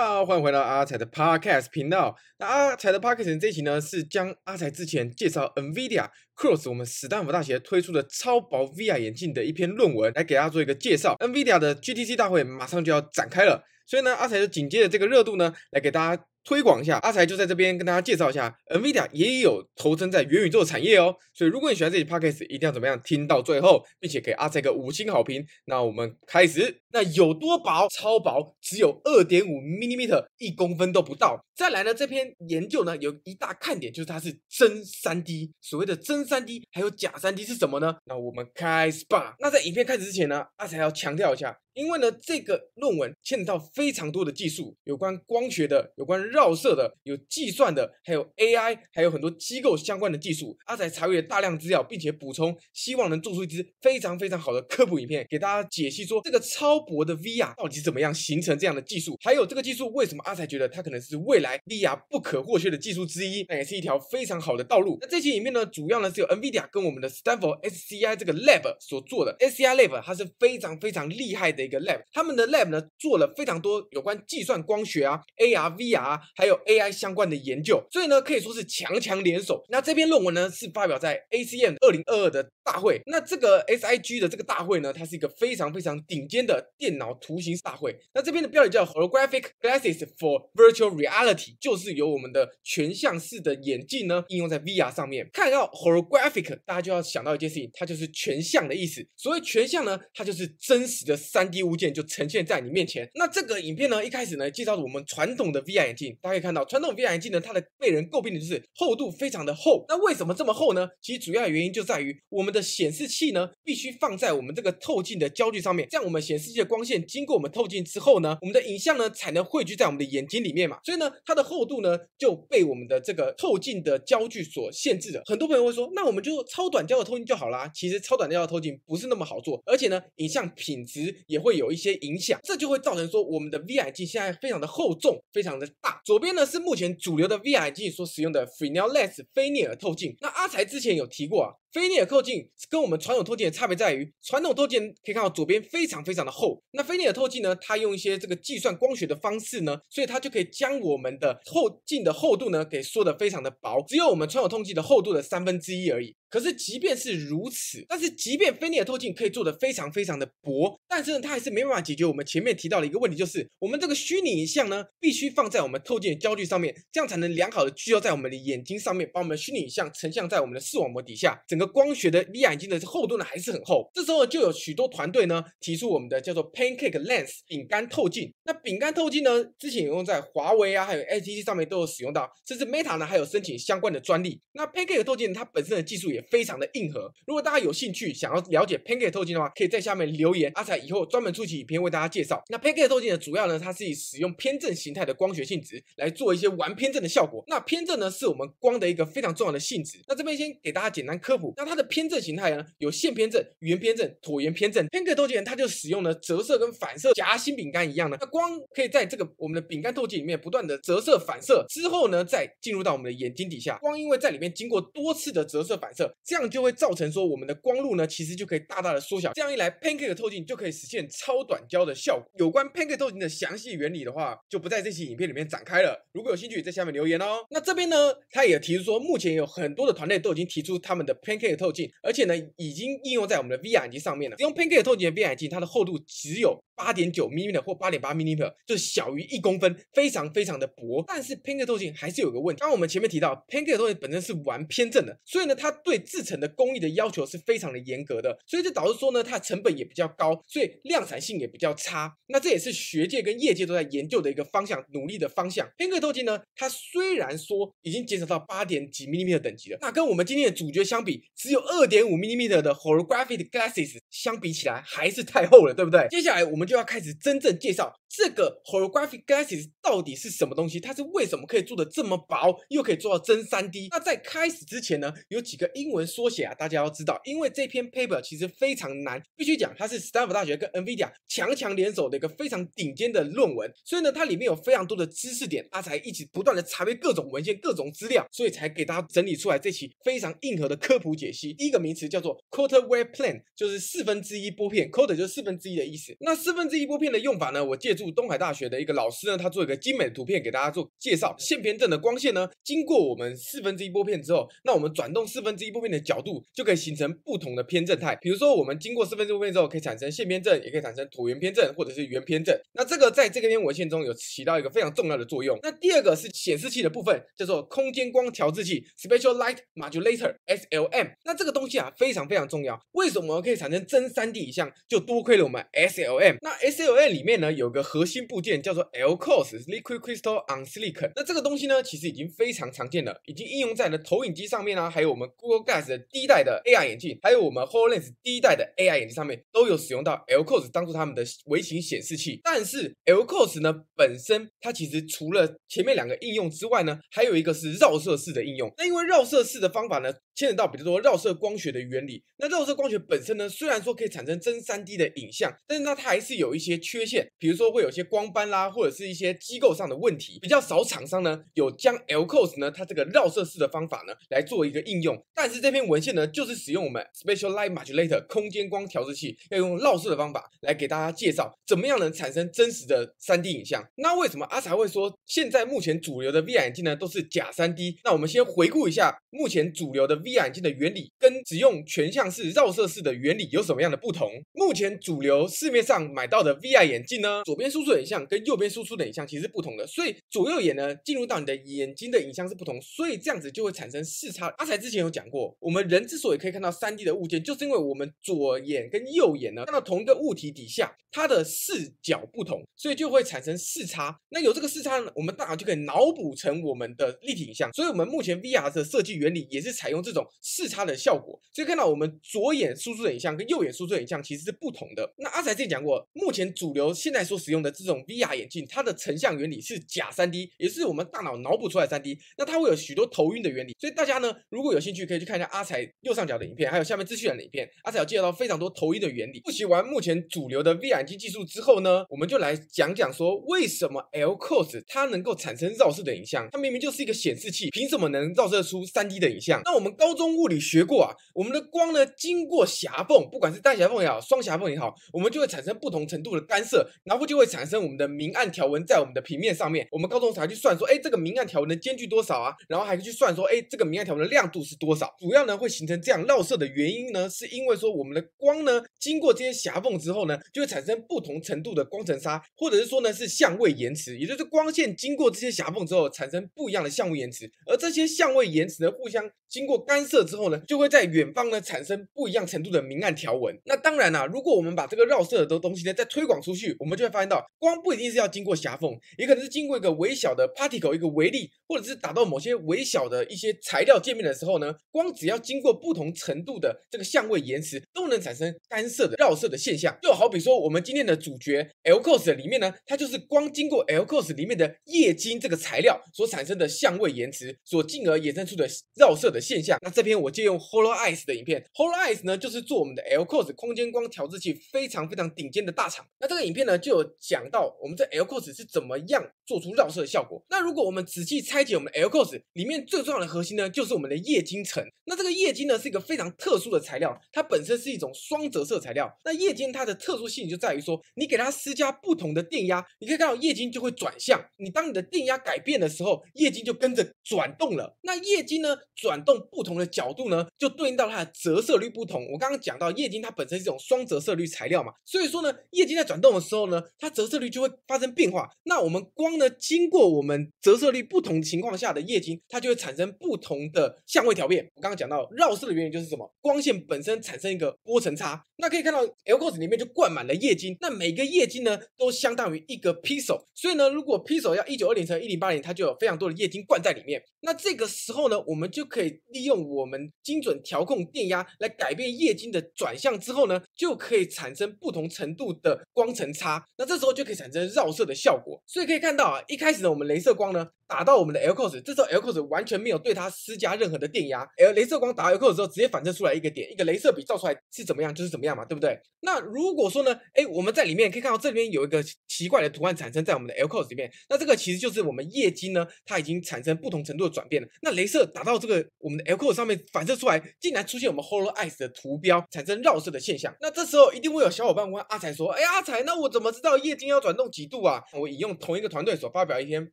好，歡迎回到阿才的 Podcast 頻道。那阿才的 Podcast 這期呢，是將阿才之前介紹 NVIDIA Cross 我們斯坦福大學推出的超薄 VR 眼鏡的一篇論文來給大家做一個介紹。NVIDIA 的 GTC 大會馬上就要展開了，所以呢，阿才就緊接着這個熱度呢，來給大家。推廣一下，阿財就在這邊跟大家介紹一下，NVIDIA 也有投身在元宇宙的產業哦。所以如果你喜歡這期 podcast，一定要怎麼樣？聽到最後，並且給阿財個五星好評。那我們開始。那有多薄？超薄，只有2.5 mm，一公分都不到。再來呢，這篇研究呢，有一大看點就是它是真 3D。所謂的真 3D，還有假 3D 是什麼呢？那我們開始吧。那在影片開始之前呢，阿財要強調一下，因為呢，這個論文牽扯到非常多的技術，有關光學的，有關。繞射的、有計算的，還有 AI，還有很多機構相關的技術。阿財查閱了大量資料，並且補充，希望能做出一支非常非常好的科普影片，給大家解析說這個超薄的 VR 到底怎麼樣形成這樣的技術，還有這個技術為什麼阿財覺得它可能是未來 VR 不可或缺的技術之一。那也是一條非常好的道路。那這期影片呢，主要呢是由 NVIDIA 跟我們的 Stanford SCI 這個 Lab 所做的。SCI Lab 它是非常非常厲害的一個 Lab，他們的 Lab 呢做了非常多有關計算光學啊，AR VR 啊。還有 AI 相關的研究，所以呢，可以說是強強聯手。那這篇論文呢，是發表在 ACM 二零二二的大會，那這個 SIG 的這個大會呢，它是一個非常非常頂尖的電腦圖形大會。那這邊的標語叫 Holographic Glasses for Virtual Reality，就是由我們的全像式的眼鏡呢應用在 VR 上面。看到 Holographic，大家就要想到一件事情，它就是全像的意思。所謂全像呢，它就是真實的 3D 物件就呈現在你面前。那這個影片呢，一開始呢介紹了我們傳統的 VR 眼鏡，大家可以看到傳統 VR 眼鏡呢，它的被人詬病的就是厚度非常的厚。那為什麼這麼厚呢？其實主要的原因就在於我們。的顯示器呢，必須放在我們這個透鏡的焦距上面，這樣我們顯示器的光線經過我們透鏡之後呢，我們的影像呢才能匯聚在我們的眼睛裡面嘛。所以呢，它的厚度呢就被我們的這個透鏡的焦距所限制了。很多朋友會說，那我們就超短焦的透鏡就好啦。其實超短焦的透鏡不是那麼好做，而且呢，影像品質也會有一些影響。這就會造成說我們的 VR 鏡現在非常的厚重，非常的大。左邊呢是目前主流的 VR 鏡所使用的 Fresnel Lens 菲涅爾透鏡。那阿財之前有提過啊。菲涅爾透鏡跟我們傳統透鏡的差別在於，傳統透鏡可以看到左邊非常非常的厚，那菲涅爾透鏡呢，它用一些這個計算光學的方式呢，所以它就可以將我們的透鏡的厚度呢給縮得非常的薄，只有我們傳統透鏡的厚度的三分之一而已。可是即便是如此，但是即便菲涅爾透鏡可以做得非常非常的薄，但是呢，它還是沒辦法解決我們前面提到的一個問題，就是我們這個虛擬影像呢，必須放在我們透鏡的焦距上面，這樣才能良好的聚焦在我們的眼睛上面，把我們虛擬影像成像在我們的視網膜底下。整個光學的 VR 眼鏡的厚度呢還是很厚。這時候呢就有許多團隊呢提出我們的叫做 Pancake Lens 餅乾透鏡。那餅乾透鏡呢，之前有用在華為啊，還有 HTC 上面都有使用到，甚至 Meta 呢還有申請相關的專利。那 Pancake 透鏡它本身的技術也。非常的硬核。如果大家有興趣想要了解 Pancake 透鏡的話，可以在下面留言，阿財以後專門出期影片為大家介紹。那 Pancake 透鏡的主要呢，它是以使用偏振形態的光學性質來做一些玩偏振的效果。那偏振呢，是我們光的一個非常重要的性質。那這邊先給大家簡單科普。那它的偏振形態呢，有線偏振、圓偏振、橢圓偏振。Pancake 透鏡它就使用了折射跟反射，夾心餅乾一樣的。那光可以在這個我們的餅乾透鏡裡面不斷的折射、反射之後呢，再進入到我們的眼睛底下。光因為在裡面經過多次的折射、反射。這樣就會造成說我們的光路呢，其實就可以大大的縮小。這樣一來，Pancake 的透鏡就可以實現超短焦的效果。有關 Pancake 透鏡的詳細原理的話，就不在這期影片裡面展開了。如果有興趣，在下面留言哦。那這邊呢，他也提出說，目前有很多的團隊都已經提出他們的 Pancake 透鏡，而且呢，已經應用在我們的 VR 眼鏡上面了。用 Pancake 透鏡的 VR 眼鏡，它的厚度只有八點九 millimeter 或八點八 millimeter 就是小於一公分，非常非常的薄。但是 pancake 透鏡還是有個問題。剛我們前面提到，pancake 透鏡本身是玩偏振的，所以呢，它對製程的工藝的要求是非常的嚴格的，所以這導致說呢，它的成本也比較高，所以量產性也比較差。那這也是學界跟業界都在研究的一個方向，努力的方向。pancake 透鏡呢，它雖然說已經減少到八點幾 millimeter 等級了，那跟我們今天的主角相比，只有二點五 millimeter 的 holographic glasses 相比起來還是太厚了，對不對？接下來我們。就要開始真正介紹這個 holographic glasses 到底是什麼東西？它是為什麼可以做得這麼薄，又可以做到真 3D？那在開始之前呢，有幾個英文縮寫啊，大家要知道，因為這篇 paper 其實非常難，必須講它是 Stanford 大學跟 NVIDIA 強強聯手的一個非常頂尖的論文，所以呢，它裡面有非常多的知識點，阿財一直不斷的查閱各種文獻、各種資料，所以才給大家整理出來這期非常硬核的科普解析。第一個名詞叫做 quarter wave plate 就是四分之一波片，quarter 就是四分之一的意思，那四。四分之一波片的用法呢，我借助東海大學的一個老師呢，他做一個精美的圖片給大家做介紹。線偏振的光線呢，經過我們四分之一波片之後，那我們轉動四分之一波片的角度，就可以形成不同的偏振態。比如說，我們經過四分之一波片之後，可以產生線偏振，也可以產生橢圓偏振，或者是圓偏振。那這個在這個篇文線中有起到一個非常重要的作用。那第二個是顯示器的部分，叫做空間光調制器 s p e c i a l Light Modulator，SLM）。那這個東西啊，非常非常重要。為什麼可以產生真三 D 影像？就多虧了我們 SLM。S 那 S L A 裡面呢，有個核心部件叫做 LCoS Liquid Crystal on Silicon。那這個東西呢，其實已經非常常見了，已經應用在了投影機上面啦、啊，還有我們 Google Glass 的第一代的 AR 眼鏡，還有我們 Hololens 第一代的 AR 眼鏡上面，都有使用到 LCoS 當作它們的微型顯示器。但是 LCoS 呢，本身它其實除了前面兩個應用之外呢，還有一個是繞射式的應用。那因為繞射式的方法呢，牽扯到比如說繞射光學的原理。那繞射光學本身呢，雖然說可以產生真 3D 的影像，但是它還是。有一些缺陷，比如說會有些光斑啦，或者是一些機構上的問題，比較少廠商呢有將 LCoS 呢它這個繞射式的方法呢來做一個應用。但是這篇文獻呢就是使用我們 Spatial Light Modulator 空間光調制器，要用繞射的方法來給大家介紹怎麼樣能產生真實的 3D 影像。那為什麼阿財會說現在目前主流的 VR 眼鏡呢都是假 3D？那我們先回顧一下目前主流的 VR 眼鏡的原理跟使用全像式繞射式的原理有什麼樣的不同？目前主流市面上買買到的 VR 眼鏡呢，左邊輸出的影像跟右邊輸出的影像其實是不同的，所以左右眼呢進入到你的眼睛的影像是不同，所以這樣子就會產生視差。阿財之前有講過，我們人之所以可以看到 3D 的物件，就是因為我們左眼跟右眼呢看到同一個物體底下它的視角不同，所以就會產生視差。那有這個視差呢，我們大腦就可以腦補成我們的立體影像。所以我們目前 VR 的設計原理也是採用這種視差的效果。所以看到我們左眼輸出的影像跟右眼輸出的影像其實是不同的。那阿財之前講過。目前主流現在所使用的這種 VR 眼鏡，它的成像原理是假 3D，也是我們大腦腦補出來 3D。那它會有許多頭暈的原理。所以大家呢，如果有興趣，可以去看一下阿財右上角的影片，還有下面資訊欄的影片。阿財有介紹到非常多頭暈的原理。複習完目前主流的 VR 眼鏡技術之後呢，我們就來講講說為什麼 LCoS 它能夠產生繞射的影像。它明明就是一個顯示器，憑什麼能繞射出 3D 的影像？那我們高中物理學過啊，我們的光呢經過狹縫，不管是單狹縫也好，雙狹縫也好，我們就會產生不同。程度的干涉，然後就會產生我們的明暗條紋在我們的平面上面。我們高中才去算說，哎，這個明暗條紋的間距多少啊？然後還去算說，哎，這個明暗條紋的亮度是多少？主要呢會形成這樣繞射的原因呢，是因為說我們的光呢經過這些狹縫之後呢，就會產生不同程度的光程差，或者是說呢是相位延遲，也就是光線經過這些狹縫之後產生不一樣的相位延遲，而這些相位延遲呢互相經過干涉之後呢，就會在遠方呢產生不一樣程度的明暗條紋。那當然啦、啊，如果我們把這個繞射的東西呢，再推廣出去，我們就會發現到光不一定是要經過狹縫，也可能是經過一個微小的 particle，一個微粒，或者是打到某些微小的一些材料界面的時候呢，光只要經過不同程度的這個相位延遲，都能產生干涉的繞射的現象。就好比說我們今天的主角 LCOS 的裡面呢，它就是光經過 LCOS 裡面的液晶這個材料所產生的相位延遲，所進而衍生出的繞射的現象。那這篇我借用 HOLOEYE 的影片，HOLOEYE 呢就是做我們的 LCOS 空間光調製器非常非常頂尖的大，大廠，那這個影片呢就有講到我們這 LCoS 是怎麼樣做出繞射的效果。那如果我們仔細拆解我們 LCoS 裡面最重要的核心呢，就是我們的液晶層。那這個液晶呢是一個非常特殊的材料，它本身是一種雙折射材料。那液晶它的特殊性就在於說，你給它施加不同的電壓，你可以看到液晶就會轉向。你當你的電壓改變的時候，液晶就跟着轉動了。那液晶呢轉動不同的角度呢，就對應到它的折射率不同。我剛剛講到液晶它本身是一種雙折射率材料嘛，所以說呢。液晶在轉動的時候呢，它折射率就會發生變化。那我們光呢，經過我們折射率不同情況下的液晶，它就會產生不同的相位調變。我剛剛講到繞射的原理就是什麼？光線本身產生一個波程差。那可以看到 LCoS 裡面就灌滿了液晶，那每個液晶呢，都相當於一個 pixel 所以呢，如果 pixel 要一九二零乘一零八零，80, 它就有非常多的液晶灌在裡面。那這個時候呢，我們就可以利用我們精準調控電壓來改變液晶的轉向之後呢，就可以產生不同程度。的光程差，那這時候就可以產生繞射的效果，所以可以看到啊，一開始呢，我們雷射光呢，打到我們的 LCoS，這時候 LCoS 完全沒有對它施加任何的電壓，而雷射光打到 LCoS 之後，直接反射出來一個點，一個雷射筆照出來是怎麼樣就是怎麼樣嘛，對不對？那如果說呢，哎，我們在裡面可以看到這邊有一個奇怪的圖案產生在我們的 LCoS 裡面，那這個其實就是我們液晶呢，它已經產生不同程度的轉變了。那雷射打到這個我們的 LCoS 上面反射出來，竟然出現我們 Hololens 的圖標，產生繞射的現象。那這時候一定會有小伙伴問阿才說，哎，阿才，那我怎麼知道液晶要轉動幾度啊？我引用同一個團隊所發表一篇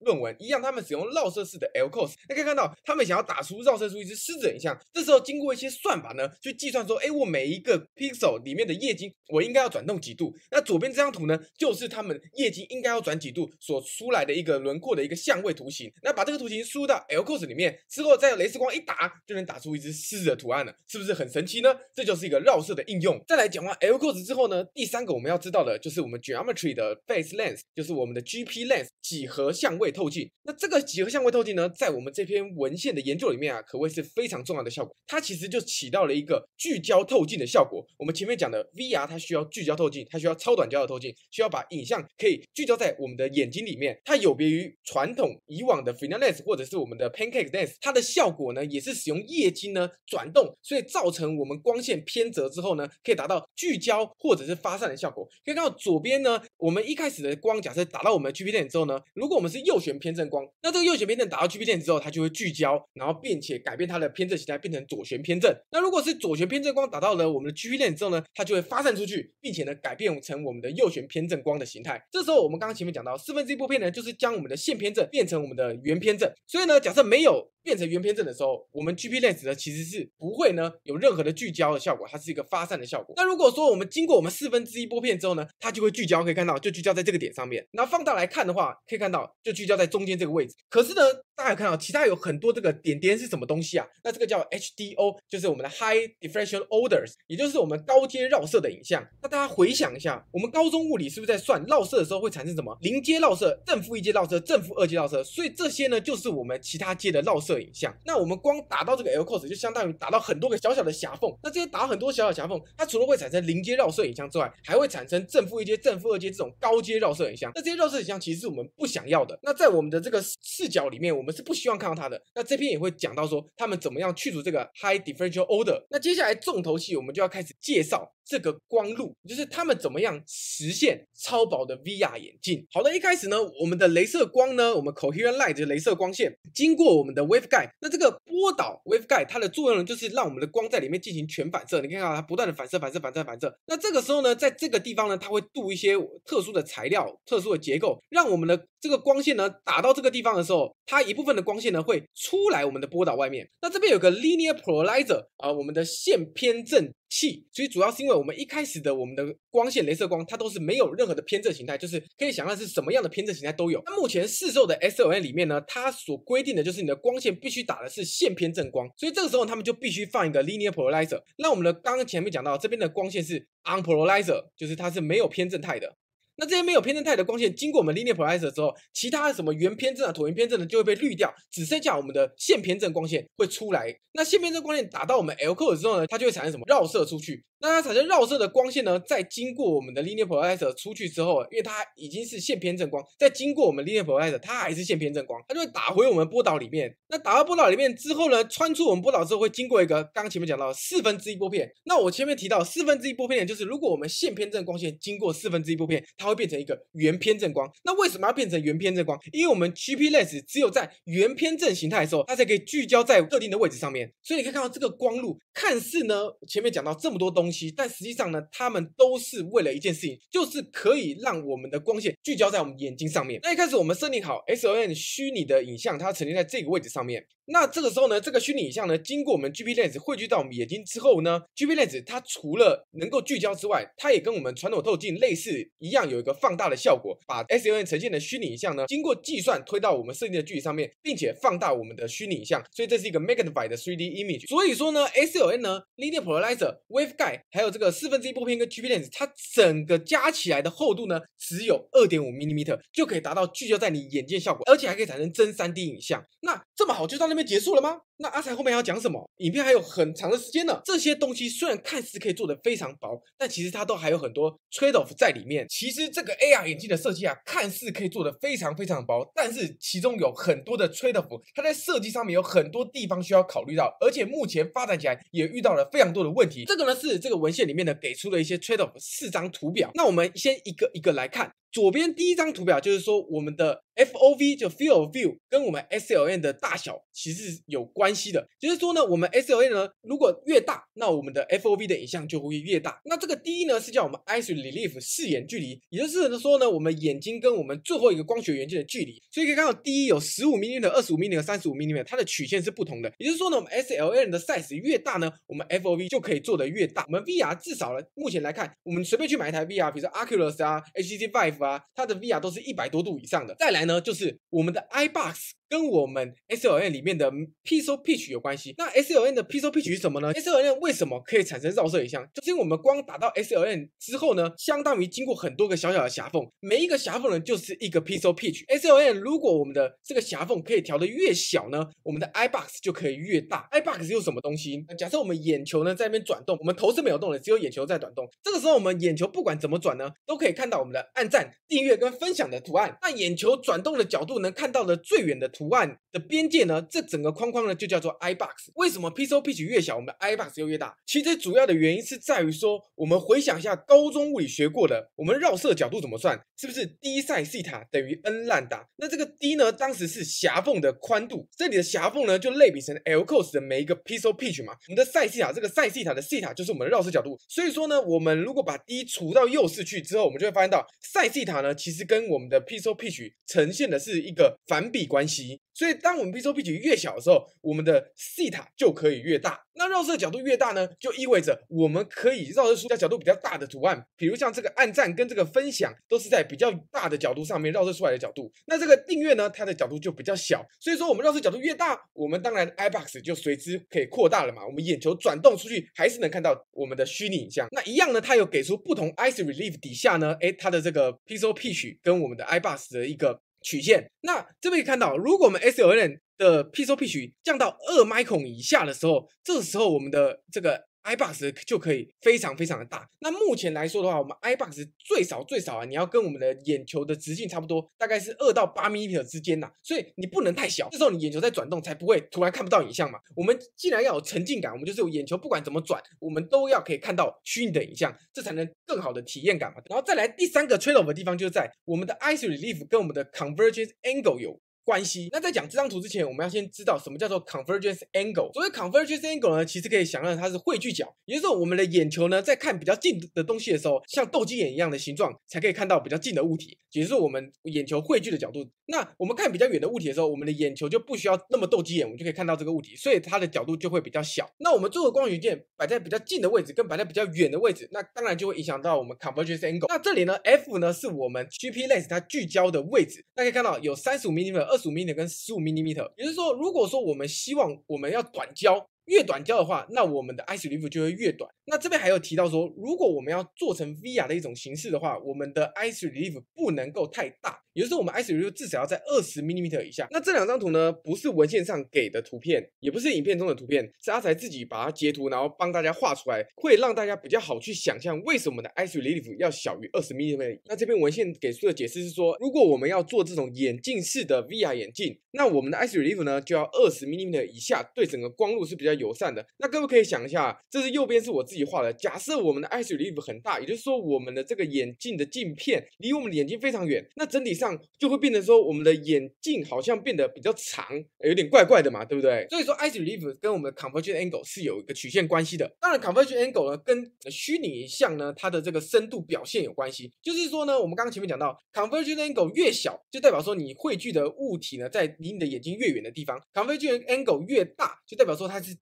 論文，一樣他他們使用繞射式的 L cos，那可以看到他們想要打出繞射出一只獅子的影像。這時候經過一些算法呢，去計算說，誒，我每一個 pixel 裡面的液晶我應該要轉動幾度？那左邊這張圖呢，就是他們液晶應該要轉幾度所出來的一個輪廓的一個相位圖形。那把這個圖形輸到 L cos 裡面之後，再用雷射光一打，就能打出一只獅子的圖案了。是不是很神奇呢？這就是一個繞射的應用。再來講完 L cos 之後呢，第三個我們要知道的就是我們 geometry 的 phase lens，就是我們的 GP lens 幾何相位透鏡。那這這個幾何相位透鏡呢，在我們這篇文獻的研究裡面啊，可謂是非常重要的效果。它其實就起到了一個聚焦透鏡的效果。我們前面講的 V R，它需要聚焦透鏡，它需要超短焦的透鏡，需要把影像可以聚焦在我們的眼睛裡面。它有別於傳統以往的 Fresnel lens 或者是我們的 Pancake lens，它的效果呢，也是使用液晶呢轉動，所以造成我們光線偏折之後呢，可以達到聚焦或者是發散的效果。可以看到左邊呢，我們一開始的光假設打到我們的 G P lens 之後呢，如果我們是右旋偏振光。那這個右旋偏振打到 GP 鏡之後，它就會聚焦，然後並且改變它的偏振形態，變成左旋偏振。那如果是左旋偏振光打到了我們的 GP 鏡之後呢，它就會發散出去，並且呢改變成我們的右旋偏振光的形態。這時候我們剛剛前面講到四分之一波片呢，就是將我們的線偏振變成我們的圓偏振。所以呢，假設沒有。變成圓偏振的時候，我們 GP lens 呢其實是不會呢有任何的聚焦的效果，它是一個發散的效果。那如果說我們經過我們四分之一波片之後呢，它就會聚焦，可以看到就聚焦在這個點上面。那放大來看的話，可以看到就聚焦在中間這個位置。可是呢，大家有看到其他有很多這個點點是什麼東西啊？那這個叫 HDO，就是我們的 High Diffraction Orders，也就是我們高階繞射的影像。那大家回想一下，我們高中物理是不是在算繞射的時候會產生什麼零階繞射、正負一階繞射、正負二階繞射？所以這些呢就是我們其他階的繞射影像，那我們光打到這個 LCOS 就相當於打到很多個小小的狹縫，那這些打很多小小的狹縫，它除了會產生零階繞，繞射影像之外，還會產生正負一階、正負二階這種高階繞射影像。那這些繞射影像其實是我們不想要的。那在我們的這個視角裡面，我們是不希望看到它的。那這篇也會講到說他們怎麼樣去除這個 high differential order。那接下來重頭戲，我們就要開始介紹。這個光路就是他們怎麼樣實現超薄的 VR 眼鏡？好的，一開始呢，我們的鐳射光呢，我們 coherent light 就鐳射光線經過我們的 waveguide，那這個波導 waveguide 它的作用呢，就是讓我們的光在裡面進行全反射。你看看它不斷的反射，反射、反射、反射、反射。那這個時候呢，在這個地方呢，它會鍍一些特殊的材料、特殊的結構，讓我們的這個光線呢打到這個地方的時候，它一部分的光線呢會出來我們的波導外面。那這邊有個 linear polarizer 啊，我們的線偏振。氣，所以主要是因為我們一開始的我們的光線、鐳射光，它都是沒有任何的偏振形態，就是可以想象是什麼樣的偏振形態都有。那目前市售的 SLM 裡面呢，它所規定的就是你的光線必須打的是線偏振光，所以這個時候他們就必須放一個 linear polarizer。那我們的剛剛前面講到，這邊的光線是 unpolarizer，就是它是沒有偏振態的。那這些沒有偏振態的光線經過我們 linear polarizer 之後，其他的什麼圓偏振啊、橢圓偏振的就會被濾掉，只剩下我們的線偏振光線會出來。那線偏振光線打到我們 LCoS 之後呢，它就會產生什麼繞射出去。那它產生繞射的光線呢，再經過我們的 linear polarizer 出去之後，因為它已經是線偏振光，再經過我們 linear polarizer 它還是線偏振光，它就會打回我們波導裡面。那打到波導裡面之後呢，穿出我們波導之後會經過一個剛剛前面講到的四分之一波片。那我前面提到四分之一波片就是如果我們線偏振光線經過四分之一波片，它會變成一個圓偏振光。那為什麼要變成圓偏振光？因為我們 GP lens 只有在圓偏振形態的時候，它才可以聚焦在特定的位置上面。所以你可以看到這個光路，看似呢前面講到這麼多東西，但實際上呢，它們都是為了一件事情，就是可以讓我們的光線聚焦在我們眼睛上面。那一開始我們設定好 SLM 虛擬的影像，它呈現在這個位置上面。那這個時候呢，這個虛擬影像呢，經過我們 GP lens 匯聚到我們眼睛之後呢，GP lens 它除了能夠聚焦之外，它也跟我們傳統透鏡類似一樣。有。有一個放大的效果，把 SLN 呈現的虛擬影像呢，經過計算推到我們設定的距離上面，並且放大我們的虛擬影像，所以這是一個 magnified 3D image。所以說呢，SLN 呢，linear polarizer, waveguide，還有這個四分之一波片跟 GP lens，它整個加起來的厚度呢，只有二點五 mm，就可以達到聚焦在你眼見效果，而且還可以產生真 3D 影像。那這麼好，就到那邊結束了嗎？那阿才後面要講什麼？影片還有很長的時間呢。這些東西雖然看似可以做得非常薄，但其實它都還有很多 trade off 在裡面。其實這個 AR 眼鏡的設計啊，看似可以做得非常非常薄，但是其中有很多的 trade off，它在設計上面有很多地方需要考慮到，而且目前發展起來也遇到了非常多的問題。這個呢是這個文獻裡面呢給出了一些 trade off 四張圖表，那我們先一個一個來看。左邊第一張圖表就是說我們的 F O V 就 Field of View 跟我們 S L M 的大小其實是有關係的，就是說呢，我們 S L M 呢如果越大，那我們的 F O V 的影像就會越大。那這個 d 呢是叫我們 Eye Relief 視眼距離，也就是說呢，我們眼睛跟我們最後一個光學元件的距離。所以可以看到 d 有十五 mm、的二十五 mm 和三十五 mm，它的曲線是不同的。也就是說呢，我們 S L M 的 size 越大呢，我們 F O V 就可以做得越大。我們 V R 至少呢，目前來看，我們隨便去買一台 V R，比如說 Oculus 啊，HTC Vive。它的 VR 都是一百多度以上的。再來呢，就是我們的 iBox，跟我們 S L M 裡面的 pixel pitch 有關係。那 S L M 的 pixel pitch 是什麼呢？S L M 為什麼可以產生繞射影像？就是因為我們光打到 S L M 之後呢，相當於經過很多個小小的狹縫，每一個狹縫呢就是一個 pixel pitch。S L M 如果我們的這個狹縫可以調得越小呢，我們的 eye box 就可以越大。eye box 又什麼東西？假設我們眼球呢在那邊轉動，我們頭是沒有動的，只有眼球在轉動。這個時候我們眼球不管怎麼轉呢，都可以看到我們的按讚、訂閱跟分享的圖案。那眼球轉動的角度能看到的最遠的。圖案的邊界呢？這整個框框呢就叫做 i box。為什麼 pixel pitch 越小，我們的 i box 又越、越大？其實主要的原因是在於說，我們回想一下高中物理學過的，我們繞射角度怎麼算？是不是 d sin θ 等於 n λ？那這個 d 呢，當時是狹縫的寬度，這裡的狹縫呢就類比成 l cos 的每一個 pixel pitch 嘛。我們的 sin θ，這個 sin θ 的的 θ 就是我們的繞射角度。所以說呢，我們如果把 d 除到右側去之後，我們就會發現到 sin θ 呢，其實跟我們的 pixel pitch 呈現的是一個反比關係。所以，當我們 pixel pitch 越小的時候，我們的 theta 就可以越大。那繞射角度越大呢，就意味着我們可以繞射出在角度比較大的圖案。比如像這個“按讚”跟這個“分享”，都是在比較大的角度上面繞射出來的角度。那這個“訂閱”呢，它的角度就比較小。所以說，我們繞射角度越大，我們當然 eye box 就隨之可以擴大了嘛。我們眼球轉動出去，還是能看到我們的虛擬影像。那一樣呢，它有給出不同 eye relief 底下呢，誒，它的這個 pixel pitch 跟我們的 eye box 的一個。曲線，那這邊可以看到，如果我們 SLN 的 P 收 P 曲，降到二麥孔以下的時候，這時候我們的這個。Eye box 就可以非常非常的大。那目前來說的話，我們 Eye box 最少最少啊，你要跟我們的眼球的直徑差不多，大概是二到八米米之間吶、啊。所以你不能太小，這時候你眼球在轉動才不會突然看不到影像嘛。我們既然要有沉浸感，我們就是有眼球不管怎麼轉，我們都要可以看到虛擬的影像，這才能更好的體驗感嘛。然後再來第三個 trade off 的地方，就是在我們的 Eye relief 跟我們的 convergence angle 有。關係。那在講這張圖之前，我們要先知道什麼叫做 convergence angle。所謂 convergence angle 呢，其實可以想象它是匯聚角，也就是說我們的眼球呢，在看比較近的東西的時候，像鬥雞眼一樣的形狀，才可以看到比較近的物體，也就是我們眼球匯聚的角度。那我們看比較遠的物體的時候，我們的眼球就不需要那麼鬥雞眼，我們就可以看到這個物體，所以它的角度就會比較小。那我們做個光學元件擺在比較近的位置，跟擺在比較遠的位置，那當然就會影響到我們 convergence angle。那這裡呢，f 呢是我們 GP lens 它聚焦的位置，大家可以看到有三十五 millimeter 二十五毫米跟十五毫米，也就是說，如果說我們希望我們要短焦。越短焦的話，那我們的 eye relief 就會越短。那這邊還有提到說，如果我們要做成 VR 的一種形式的話，我們的 eye relief 不能夠太大。也就是我們 eye relief 至少要在二十 millimeter 以下。那這兩張圖呢，不是文獻上給的圖片，也不是影片中的圖片，是阿財自己把它截圖，然後幫大家畫出來，會讓大家比較好去想象為什麼我們的 eye relief 要小於二十 millimeter。那這篇文獻給出的解釋是說，如果我們要做這種眼鏡式的 VR 眼鏡，那我們的 eye relief 呢就要二十 millimeter 以下，對整個光路是比較友善的。那各位可以想一下，這是右邊是我自己畫的。假設我們的 eye relief 很大，也就是說我們的這個眼鏡的鏡片離我們的眼睛非常遠，那整體上就會變成說我們的眼鏡好像變得比較長，有點怪怪的嘛，對不對？所以說 eye relief 跟我們的 convergence angle 是有一個曲線關係的。當然 convergence angle 呢跟虛擬像呢它的這個深度表現有關係。就是說呢，我們剛剛前面講到 convergence angle 越小，就代表說你匯聚的物體呢在離你的眼睛越遠的地方；convergence angle 越大，就代表說它是。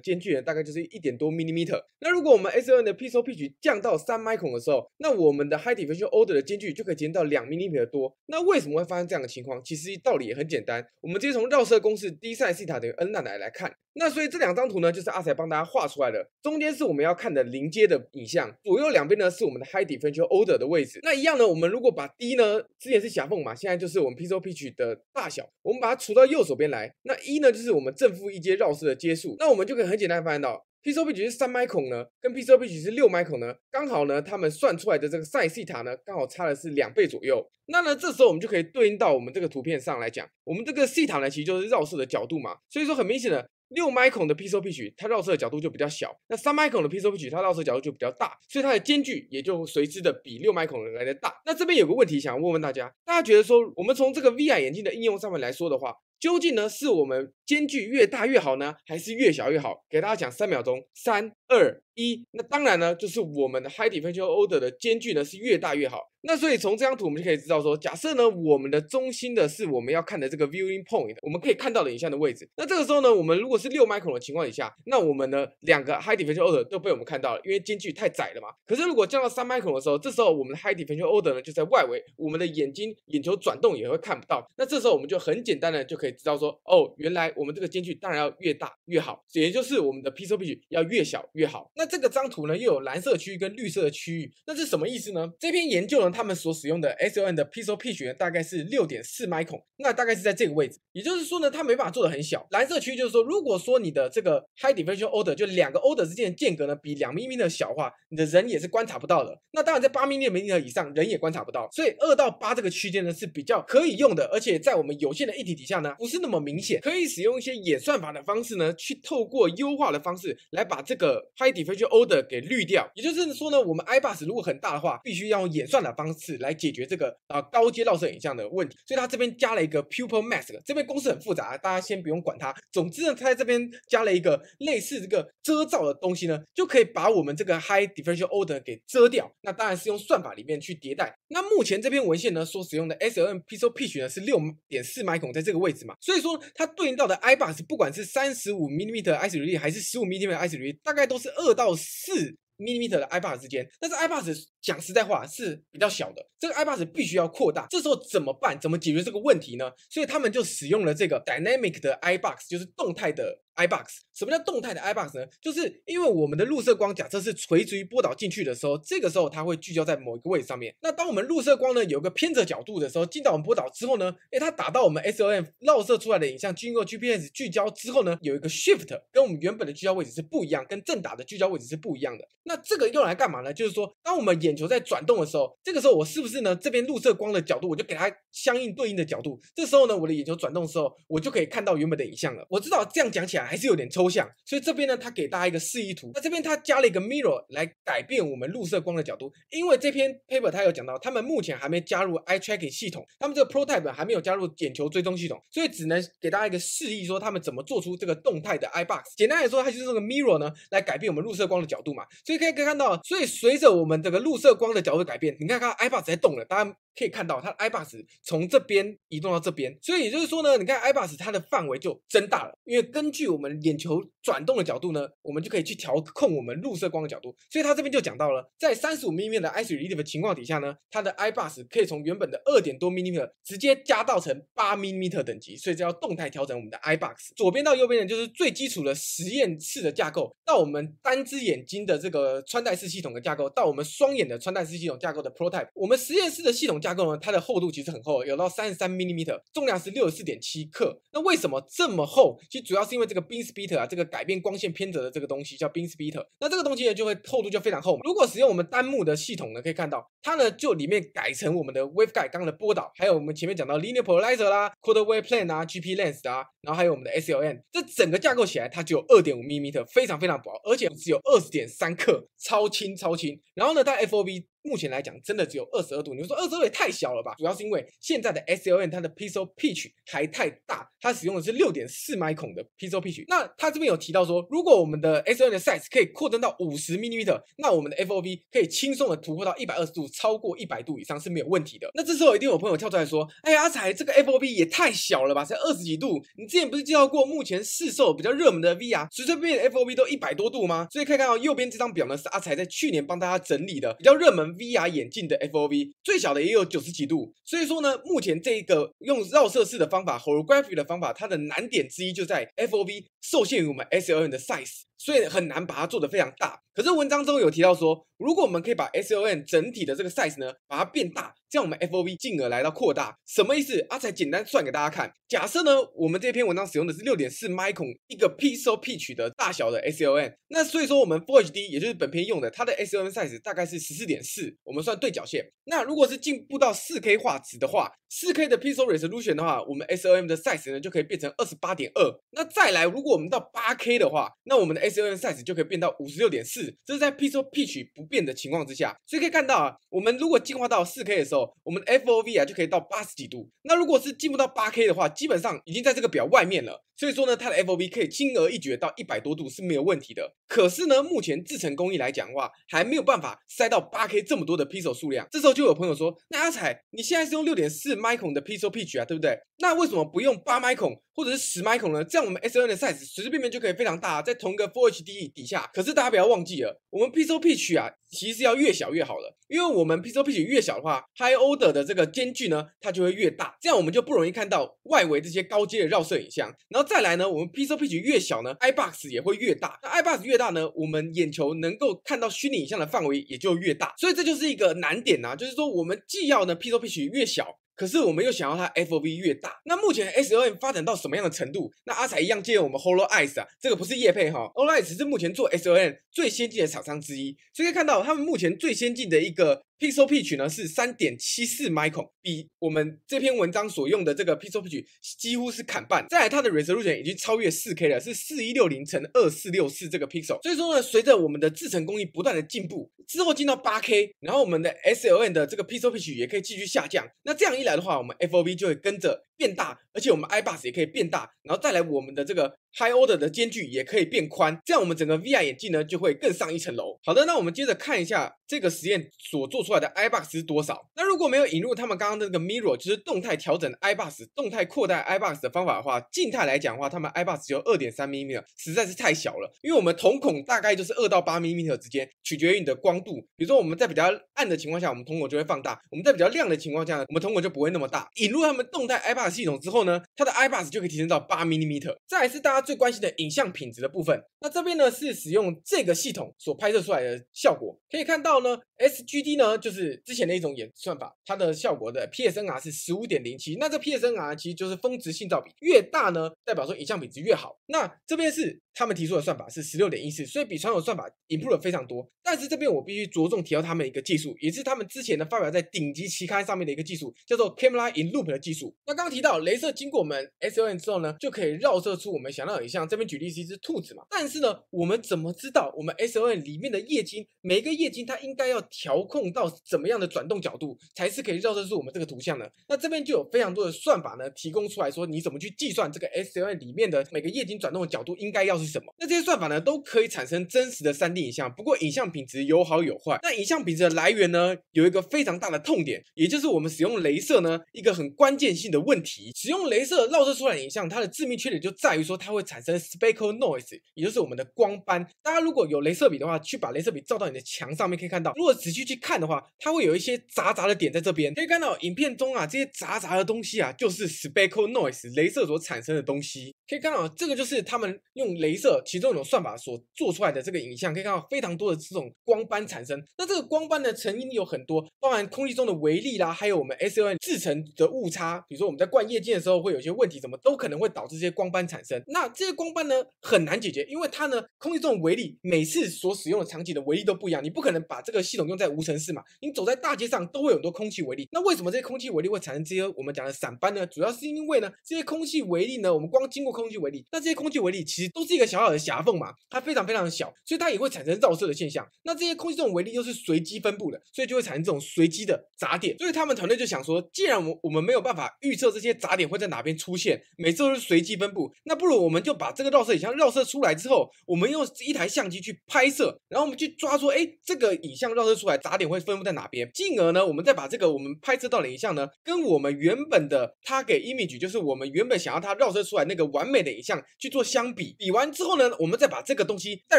間距呢，大概就是一點多 millimeter。那如果我們 S N 的 pso pitch 降到三 micron 的時候，那我們的 high diffraction order 的間距就可以減到兩 millimeter 多。那為什麼會發生這樣的情況？其實道理也很簡單，我們直接從繞射公式 d sin theta 等於 n lambda 來來看。那所以這兩張圖呢，就是阿財幫大家畫出來的。中間是我們要看的零階的影像，左右兩邊呢是我們的 high diffraction order 的位置。那一樣呢，我們如果把 d 呢，之前是狹縫嘛，現在就是我們 pso pitch 的大小，我們把它除到右手邊來。那一、e、呢，就是我們正負一階繞射的階數。那我們就可以。很簡單，發現到，Pixel Pitch 是三 micron 呢，跟 Pixel Pitch 是六 micron 呢，剛好呢，他們算出來的這個賽西塔呢，剛好差的是兩倍左右。那呢，這時候我們就可以對應到我們這個圖片上來講，我們這個細塔呢，其實就是繞射的角度嘛。所以說，很明顯的，六 micron 的 Pixel Pitch 它繞射的角度就比較小，那三 micron 的 Pixel Pitch 它繞射角度就比較大，所以它的間距也就隨之的比六 micron 的來的大。那這邊有個問題想問問大家，大家覺得說，我們從這個 VR 眼鏡的應用上面來說的話，究竟呢是我們間距越大越好呢，還是越小越好？給大家講三秒鐘，三二一。那當然呢，就是我們的 high diffraction order 的間距呢是越大越好。那所以從這張圖我們就可以知道說，假設呢我們的中心的是我們要看的這個 viewing point，我們可以看到的影像的位置。那這個時候呢，我們如果是六 micron 的情況底下，那我們的兩個 high diffraction order 都被我們看到了，因為間距太窄了嘛。可是如果降到三 micron 的時候，這時候我們的 high diffraction order 呢就在外圍，我們的眼睛眼球轉動也會看不到。那這時候我們就很簡單的就可以知道說，哦，原來。我們這個間距當然要越大越好，也就是我們的 PSO i P 值要越小越好。那這個張圖呢，又有藍色區域跟綠色的區域，那是什麼意思呢？這篇研究呢，他們所使用的 SON 的 PSO i P 值大概是6.4微孔，那大概是在這個位置。也就是說呢，它沒辦法做的很小。藍色區就是說，如果說你的這個 high d i f f e r e n t i a l order 就兩個 order 之間的間隔呢，比兩微米的小話，你的人也是觀察不到的。那當然在八微米、六微米以上，人也觀察不到。所以二到八這個區間呢，是比較可以用的，而且在我們有限的議題底下呢，不是那麼明顯，可以使用。用一些演算法的方式呢，去透過優化的方式來把這個 high differential order 給濾掉。也就是說呢，我們 i bus 如果很大的話，必須要用演算法方式來解決這個啊高階繞射影像的問題。所以它這邊加了一個 pupil mask，這邊公式很複雜，啊，大家先不用管它。總之呢，它在這邊加了一個類似這個遮罩的東西呢，就可以把我們這個 high differential order 給遮掉。那當然是用算法裡面去迭代。那目前這篇文獻呢，所使用的 SLM pixel pitch 呢是六點四 micron 在這個位置嘛，所以說它對應到的。iBox 不管是三十五 millimeter i 水濾力還是十五 millimeter i 水濾力，大概都是二到四 millimeter 的 iBox 之間。但是 iBox 講實在話是比較小的，這個 iBox 必須要擴大。這時候怎麼辦？怎麼解決這個問題呢？所以他們就使用了這個 dynamic 的 iBox，就是動態的。i-box 什麼叫動態的 i-box 呢？就是因為我們的入射光假設是垂直於波導進去的時候，這個時候它會聚焦在某一個位置上面。那當我們入射光呢有一個偏折角度的時候，進到我們波導之後呢，哎，它打到我們 S O M 繞射出來的影像經過 G P S 聚焦之後呢，有一個 shift，跟我們原本的聚焦位置是不一樣，跟正打的聚焦位置是不一樣的。那這個用來幹嘛呢？就是說，當我們眼球在轉動的時候，這個時候我是不是呢這邊入射光的角度我就給它相應對應的角度，這時候呢我的眼球轉動的時候，我就可以看到原本的影像了。我知道這樣講起來，還是有點抽象，所以這邊呢，他給大家一個示意圖。那這邊他加了一個 mirror 來改變我們入射光的角度，因為這篇 paper 它有講到，他們目前還沒加入 eye tracking 系統，他們這個 prototype 還沒有加入眼球追蹤系統，所以只能給大家一個示意說，說他們怎麼做出這個動態的 eye box。簡單來說，它就是這個 mirror 呢，來改變我們入射光的角度嘛。所以可以可以看到，所以隨着我們這個入射光的角度改變，你看看 eye box 在動了，大家。可以看到，它的 eye box 從這邊移動到這邊，所以也就是說呢，你看 eye box 它的範圍就增大了。因為根據我們眼球轉動的角度呢，我們就可以去調控我們入射光的角度。所以它這邊就講到了，在三十五 mm 的 eye relief 情況底下呢，它的 eye box 可以從原本的二點多 mm 直接加到成八 mm 等級。所以這要動態調整我們的 eye box。左邊到右邊呢，就是最基礎的實驗室的架構，到我們單隻眼睛的這個穿戴式系統的架構，到我們雙眼的穿戴式系統架構的 prototype。Type 我們實驗室的系統。架構呢，它的厚度其實很厚，有到三十三毫米，重量是六十四點七克。那為什麼這麼厚？其實主要是因為這個 beam splitter 啊，這個改變光線偏折的這個東西叫 beam splitter。那這個東西呢，就會厚度就非常厚。如果使用我們單目的系統呢，可以看到它呢就裡面改成我們的 waveguide 剛剛的波導，還有我們前面講到 linear polarizer 啦，quarter wave plate 啊，GP lens 啊，然後還有我們的 SLM。這整個架構起來，它只有二點五毫米，非常非常薄，而且只有二十點三克，超輕超輕。然後呢，它 FOV。目前來講，真的只有二十二度。你們說二十二度也太小了吧？主要是因為現在的 S L M 它的 Pixel Pitch 還太大，它使用的是六點四 micrometer 的 Pixel Pitch。那它這邊有提到說，如果我們的 S L M 的 Size 可以擴增到五十 millimeter，那我們的 F O V 可以輕鬆的突破到一百二十度，超過一百度以上是沒有問題的。那這時候一定有朋友跳出來說，哎、欸，阿才這個 F O V 也太小了吧，才二十幾度。你之前不是介紹過目前市售比較熱門的 V R，隨隨便便 F O V 都一百多度嗎？所以看看到、哦、右邊這張表呢，是阿才在去年幫大家整理的比較熱門。VR 眼鏡的 FOV 最小的也有九十幾度，所以說呢，目前這一個用繞射式的方法，holography 的方法，它的難點之一就在 FOV。受限於我們 SLM 的 size，所以很難把它做得非常大。可是文章中有提到說，如果我們可以把 SLM 整體的這個 size 呢，把它變大，這樣我們 F O V 進而來到擴大，什麼意思？阿財簡單算給大家看。假設呢，我們這篇文章使用的是六點四 micron 一個 pixel pitch 的大小的 SLM，那所以說我們 FHD 也就是本篇用的，它的 SLM size 大概是十四點四，我們算對角線。那如果是進步到四 K 畫質的話，四 K 的 pixel resolution 的話，我們 SLM 的 size 呢就可以變成二十八點二。那再來如果如果我們到 8K 的話，那我們的 SLM size 就可以變到56.4，這是在 pixel pitch 不變的情況之下，所以可以看到啊，我們如果進化到 4K 的時候，我們 F O V 啊就可以到八十幾度。那如果是進不到 8K 的話，基本上已經在這個表外面了。所以說呢，它的 F O V 可以輕而易舉到一百多度是沒有問題的。可是呢，目前制程工藝來講的話，還沒有辦法塞到 8K 這麼多的 pixel 數量。這時候就有朋友說，那阿財你現在是用六點四 micron 的 pixel pitch 啊，對不對？那為什麼不用八 micron 或者是十 micron 呢？這樣我們 SLM 的 size。隨隨便便就可以非常大，在同一個 Full HD 底下，可是大家不要忘記了，我們 pixel pitch 啊，其實要越小越好了，因為我們 pixel pitch 越小的話，high order 的這個間距呢，它就會越大，這樣我們就不容易看到外圍這些高階的繞射影像。然後再來呢，我們 pixel pitch 越小呢，eye box 也會越大，那 eye box 越大呢，我們眼球能夠看到虛擬影像的範圍也就越大，所以這就是一個難點吶、啊，就是說我們既要呢 pixel pitch 越小。可是我們又想要它 FOV 越大，那目前 S O N 發展到什麼樣的程度？那阿財一樣借用我們 HoloEyes 啊，這個不是業配哈，HoloEyes 是目前做 S O N 最先進的廠商之一，所以可以看到他們目前最先進的一個。Pixel Pitch 呢，是三點七四 micron，比我們這篇文章所用的這個 Pixel Pitch 幾乎是砍半。再來它的 Resolution 已經超越四 K 了，是四一六零乘二四六四這個 Pixel。所以說呢，隨着我們的製程工藝不斷的進步，之後進到八 K，然後我們的 SLM 的這個 Pixel Pitch 也可以繼續下降。那這樣一來的話，我們 F O V 就會跟着。變大，而且我們 eye box 也可以變大，然後再來我們的這個 high order 的間距也可以變寬，這樣我們整個 VR 眼鏡呢就會更上一層樓。好的，那我們接着看一下這個實驗所做出來的 eye box 是多少。那如果沒有引入他們剛剛的那個 mirror，就是動態調整的 eye box 動態擴大 eye box 的方法的話，靜態來講的話，他們 eye box 只有2.3毫米了，實在是太小了。因為我們瞳孔大概就是2到8毫米之間，取決於你的光度。比如說我們在比較暗的情況下，我們瞳孔就會放大；我們在比較亮的情況下，我們瞳孔就不會那麼大。引入他們動態 eye box 系統之後呢，它的 eyebox 就可以提升到八 millimeter。再來是大家最關心的影像品質的部分。那這邊呢是使用這個系統所拍攝出來的效果，可以看到呢，SGD 呢就是之前的一種演算法，它的效果的 PSNR 是十五點零七。那這 PSNR 其實就是峰值信噪比，越大呢代表說影像品質越好。那這邊是他們提出的算法是十六點一四，所以比傳統算法 improved 非常多。但是這邊我必須着重提到他們一個技術，也是他們之前呢發表在頂級期刊上面的一個技術，叫做 Camera In Loop 的技術。那剛提。到鐳射經過我們 SLM 之後呢，就可以繞射出我們想要影像。這邊舉例是一隻兔子嘛。但是呢，我們怎麼知道我們 SLM 裡面的液晶，每一個液晶它應該要調控到怎麼樣的轉動角度，才是可以繞射出我們這個圖像呢？那這邊就有非常多的算法呢，提供出來說，你怎麼去計算這個 SLM 裡面的每個液晶轉動的角度應該要是什麼？那這些算法呢，都可以產生真實的 3D 影像。不過影像品質有好有壞。那影像品質的來源呢，有一個非常大的痛點，也就是我們使用鐳射呢，一個很關鍵性的問題。使用鐳射繞射出來的影像，它的致命缺點就在於說，它會產生 speckle noise，也就是我們的光斑。大家如果有鐳射筆的話，去把鐳射筆照到你的牆上面，可以看到，如果仔細去看的話，它會有一些雜雜的點在這邊。可以看到，影片中啊這些雜雜的東西啊，就是 speckle noise 鐳射所產生的東西。可以看到，這個就是他們用鐳射其中一種算法，所做出來的這個影像，可以看到非常多的這種光斑產生。那這個光斑的成因有很多，包含空氣中的微粒啦，還有我們 SLN 制程的誤差，比如說我們在灌夜間的時候會有些問題，什麼都可能會導致這些光斑產生。那這些光斑呢，很難解決，因為它呢，空氣這種微粒，每次所使用的場景的微粒都不一樣，你不可能把這個系統用在無塵室嘛。你走在大街上都會有很多空氣微粒，那為什麼這些空氣微粒會產生這些我們講的散斑呢？主要是因為呢，這些空氣微粒呢，我們光經過空氣微粒，那這些空氣微粒其實都是一個小小的狹縫嘛，它非常非常的小，所以它也會產生繞射的現象。那這些空氣這種微粒又是隨機分布的，所以就會產生這種隨機的雜點。所以他們團隊就想說，既然我我們沒有辦法預測這。這些雜點會在哪邊出現？每次都是隨機分佈。那不如我們就把這個繞射影像繞射出來之後，我們用一台相機去拍攝，然後我們去抓住哎這個影像繞射出來雜點會分佈在哪邊，進而呢，我們再把這個我們拍攝到的影像呢，跟我們原本的 target image 就是我們原本想要它繞射出來那個完美的影像去做相比。比完之後呢，我們再把這個東西帶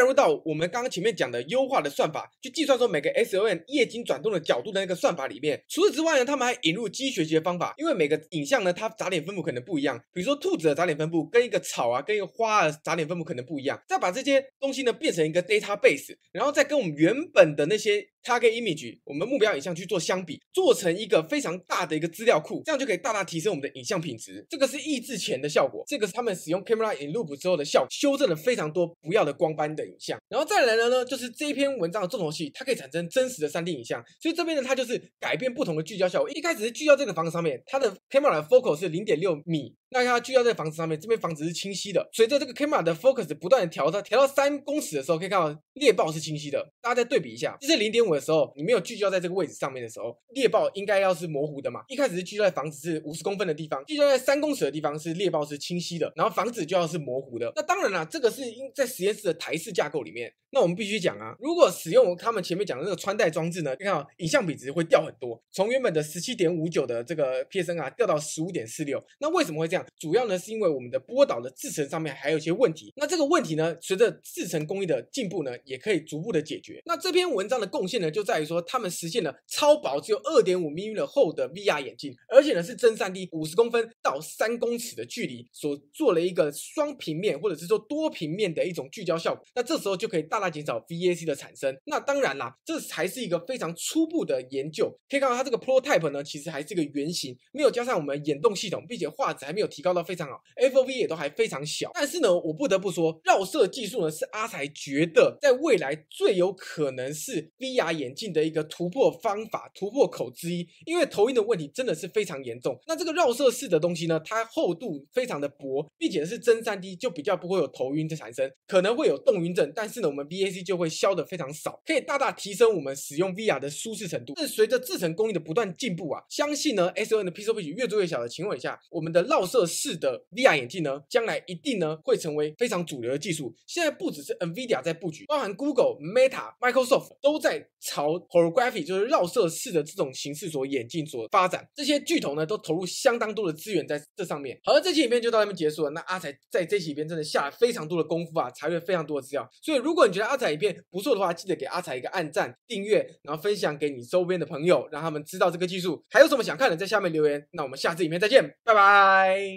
入到我們剛剛前面講的優化的算法，去計算說每個 SLM 液晶轉動的角度的那個算法裡面。除此之外呢，他們還引入機學習的方法，因為每個影像呢。它雜點分布可能不一樣，比如說兔子的雜點分布跟一個草啊，跟一個花的雜點分布可能不一樣，再把這些東西呢變成一個 database，然後再跟我們原本的那些。target image，我們目標影像，去做相比，做成一個非常大的一個資料庫，這樣就可以大大提升我們的影像品質。這個是抑制前的效果，這個是他們使用 camera in loop 之後的效果，修正了非常多不要的光斑的影像。然後再來了呢，就是這一篇文章的重頭戲，它可以產生真實的 3D 影像。所以這邊呢，它就是改變不同的聚焦效果。一開始是聚焦這個房子上面，它的 camera 的 focus 是零點六米。那它聚焦在房子上面，這邊房子是清晰的。隨着這個 camera 的 focus 不斷的調，它調到三公尺的時候，可以看到獵豹是清晰的。大家再對比一下，就是零點五的時候，你沒有聚焦在這個位置上面的時候，獵豹應該要是模糊的嘛。一開始是聚焦在房子是五十公分的地方，聚焦在三公尺的地方是獵豹是清晰的，然後房子就要是模糊的。那當然啦、啊，這個是因在實驗室的台式架構裡面。那我們必須講啊，如果使用他們前面講的那個穿戴裝置呢，可以看到影像比值會掉很多，從原本的十七點五九的這個 PSNR 啊，掉到十五點四六。那為什麼會這樣？主要呢是因為我們的波導的制程上面還有一些問題，那這個問題呢，隨着制程工藝的進步呢，也可以逐步的解決。那這篇文章的貢獻呢，就在於說他們實現了超薄只有二點五 mm 的厚的 VR 眼鏡，而且呢是真 3D，五十公分到三公尺的距離，所做了一個雙平面或者是說多平面的一種聚焦效果。那這時候就可以大大減少 VAC 的產生。那當然啦，這才是一個非常初步的研究，可以看到它這個 prototype 呢，其實還是一個原型，沒有加上我們眼動系統，並且畫質還沒有。提高到非常好，FOV 也都還非常小。但是呢，我不得不說，繞射技術呢是阿財覺得在未來最有可能是 VR 眼鏡的一個突破方法、突破口之一。因為頭暈的問題真的是非常嚴重。那這個繞射式的東西呢，它厚度非常的薄，並且是真 3D，就比較不會有頭暈的產生，可能會有動暈症，但是呢，我們 VAC 就會消得非常少，可以大大提升我們使用 VR 的舒適程度。但隨着製程工藝的不斷進步啊，相信呢，SN 的 pixel pitch 越做越小的情況下，我們的繞射視的 VR 眼鏡呢，將來一定呢會成為非常主流的技術。現在不只是 NVIDIA 在佈局，包含 Google、Meta、Microsoft 都在朝 h o r o g r a p h y 就是繞射式的這種形式所演進所發展。這些巨頭呢都投入相當多的資源在這上面。好了，這期影片就到這邊結束了。那阿才在這期影片真的下了非常多的功夫啊，查閱非常多的資料。所以如果你覺得阿才影片不錯的話，記得給阿才一個按讚、訂閱，然後分享給你周邊的朋友，讓他們知道這個技術。還有什麼想看的，在下面留言。那我們下次影片再見，拜拜。